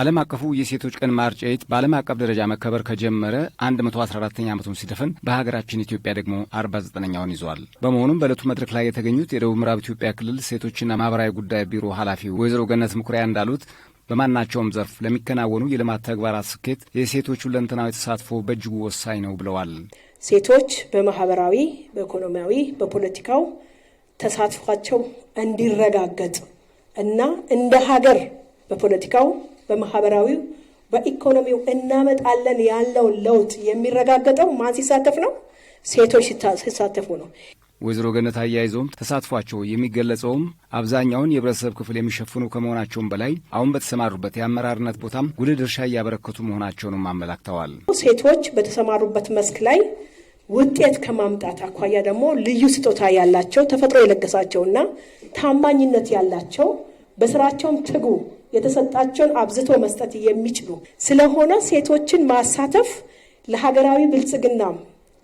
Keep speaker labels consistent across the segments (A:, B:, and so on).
A: ዓለም አቀፉ የሴቶች ቀን ማርች ኤይት በዓለም አቀፍ ደረጃ መከበር ከጀመረ 114ኛ ዓመቱን ሲደፍን በሀገራችን ኢትዮጵያ ደግሞ 49ኛውን ይዟል። በመሆኑም በዕለቱ መድረክ ላይ የተገኙት የደቡብ ምዕራብ ኢትዮጵያ ክልል ሴቶችና ማህበራዊ ጉዳይ ቢሮ ኃላፊ ወይዘሮ ገነት ምኩሪያ እንዳሉት በማናቸውም ዘርፍ ለሚከናወኑ የልማት ተግባራት ስኬት የሴቶች ሁለንተናዊ ተሳትፎ በእጅጉ ወሳኝ ነው ብለዋል።
B: ሴቶች በማህበራዊ፣ በኢኮኖሚያዊ፣ በፖለቲካው ተሳትፏቸው እንዲረጋገጥ እና እንደ ሀገር በፖለቲካው በማህበራዊው በኢኮኖሚው እናመጣለን ያለውን ለውጥ የሚረጋገጠው ማን ሲሳተፍ ነው? ሴቶች ሲሳተፉ ነው።
A: ወይዘሮ ገነት አያይዘውም ተሳትፏቸው የሚገለጸውም አብዛኛውን የህብረተሰብ ክፍል የሚሸፍኑ ከመሆናቸውም በላይ አሁን በተሰማሩበት የአመራርነት ቦታም ጉልህ ድርሻ እያበረከቱ መሆናቸውንም አመላክተዋል።
B: ሴቶች በተሰማሩበት መስክ ላይ ውጤት ከማምጣት አኳያ ደግሞ ልዩ ስጦታ ያላቸው ተፈጥሮ የለገሳቸውና ታማኝነት ያላቸው በስራቸውም ትጉ የተሰጣቸውን አብዝቶ መስጠት የሚችሉ ስለሆነ ሴቶችን ማሳተፍ ለሀገራዊ ብልጽግናም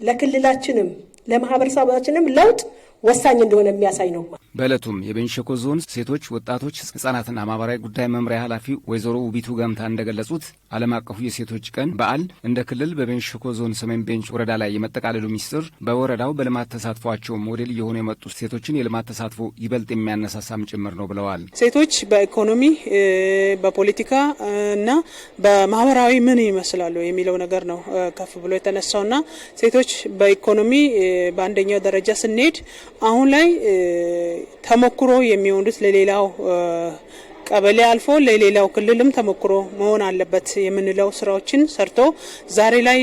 B: ለክልላችንም ለማህበረሰባችንም ለውጥ ወሳኝ እንደሆነ የሚያሳይ ነው።
A: በዕለቱም የቤንሸኮ ዞን ሴቶች፣ ወጣቶች፣ ህጻናትና ማህበራዊ ጉዳይ መምሪያ ኃላፊ ወይዘሮ ውቢቱ ገምታ እንደገለጹት ዓለም አቀፉ የሴቶች ቀን በዓል እንደ ክልል በቤንሸኮ ዞን ሰሜን ቤንች ወረዳ ላይ የመጠቃለሉ ሚስጥር በወረዳው በልማት ተሳትፏቸው ሞዴል እየሆኑ የመጡ ሴቶችን የልማት ተሳትፎ ይበልጥ የሚያነሳሳም ጭምር ነው ብለዋል።
C: ሴቶች በኢኮኖሚ በፖለቲካ እና በማህበራዊ ምን ይመስላሉ የሚለው ነገር ነው ከፍ ብሎ ና ሴቶች በኢኮኖሚ በአንደኛው ደረጃ ስንሄድ አሁን ላይ ተሞክሮ የሚሆኑት ለሌላው ቀበሌ አልፎ ለሌላው ክልልም ተሞክሮ መሆን አለበት የምንለው ስራዎችን ሰርቶ ዛሬ ላይ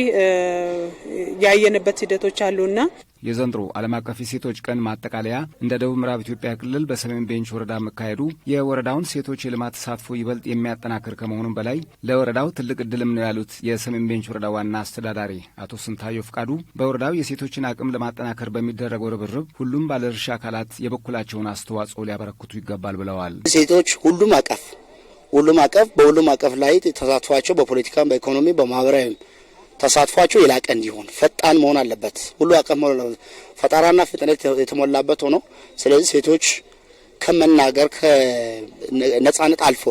C: ያየንበት ሂደቶች አሉና
A: የዘንድሮ ዓለም አቀፍ የሴቶች ቀን ማጠቃለያ እንደ ደቡብ ምዕራብ ኢትዮጵያ ክልል በሰሜን ቤንች ወረዳ መካሄዱ የወረዳውን ሴቶች የልማት ተሳትፎ ይበልጥ የሚያጠናክር ከመሆኑም በላይ ለወረዳው ትልቅ እድልም ነው ያሉት የሰሜን ቤንች ወረዳ ዋና አስተዳዳሪ አቶ ስንታዮ ፍቃዱ በወረዳው የሴቶችን አቅም ለማጠናከር በሚደረገው ርብርብ ሁሉም ባለድርሻ አካላት የበኩላቸውን አስተዋጽኦ ሊያበረክቱ ይገባል ብለዋል።
D: ሴቶች ሁሉም አቀፍ ሁሉም አቀፍ በሁሉም አቀፍ ላይ ተሳትፏቸው በፖለቲካም፣ በኢኮኖሚ፣ በማህበራዊም ተሳትፏቸው የላቀ እንዲሆን ፈጣን መሆን አለበት። ሁሉ አቀፍ ፈጠራና ፍጥነት የተሞላበት ሆኖ ስለዚህ ሴቶች ከመናገር ነጻነት አልፎ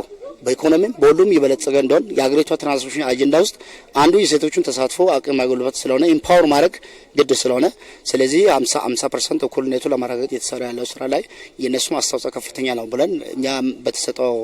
D: በኢኮኖሚም በሁሉም የበለጸገ እንደሆን የሀገሪቷ ትራንስሚሽን አጀንዳ ውስጥ አንዱ የሴቶችን ተሳትፎ አቅም ማጎልበት ስለሆነ ኢምፓወር ማድረግ ግድ ስለሆነ ስለዚህ አምሳ አምሳ ፐርሰንት እኩልነቱ ለማረጋገጥ የተሰራ ያለው ስራ ላይ የእነሱም አስተዋጽኦ ከፍተኛ ነው ብለን እኛ በተሰጠው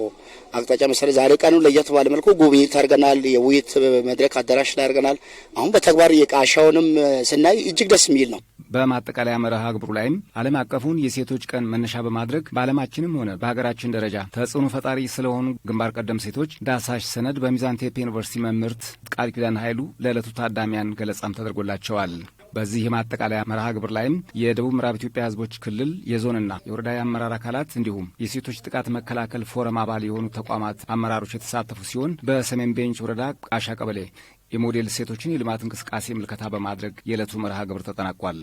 D: አቅጣጫ መሰረት ዛሬ ቀኑ ለየት ባለ መልኩ ጉብኝት አድርገናል። የውይይት መድረክ አዳራሽ ላይ አድርገናል። አሁን በተግባር የቃሻውንም ስናይ እጅግ ደስ የሚል ነው።
A: በማጠቃለያ መርሃ ግብሩ ላይም ዓለም አቀፉን የሴቶች ቀን መነሻ በማድረግ በዓለማችንም ሆነ በሀገራችን ደረጃ ተጽዕኖ ፈጣሪ ስለሆኑ ግንባር ግንባር ቀደም ሴቶች ዳሳሽ ሰነድ በሚዛን ቴፔ ዩኒቨርሲቲ መምህርት ቃል ኪዳን ኃይሉ ለዕለቱ ታዳሚያን ገለጻም ተደርጎላቸዋል። በዚህ የማጠቃለያ መርሃ ግብር ላይም የደቡብ ምዕራብ ኢትዮጵያ ህዝቦች ክልል የዞንና የወረዳ አመራር አካላት እንዲሁም የሴቶች ጥቃት መከላከል ፎረም አባል የሆኑ ተቋማት አመራሮች የተሳተፉ ሲሆን በሰሜን ቤንች ወረዳ ቃሻ ቀበሌ የሞዴል ሴቶችን የልማት እንቅስቃሴ ምልከታ በማድረግ የዕለቱ መርሃ ግብር ተጠናቋል።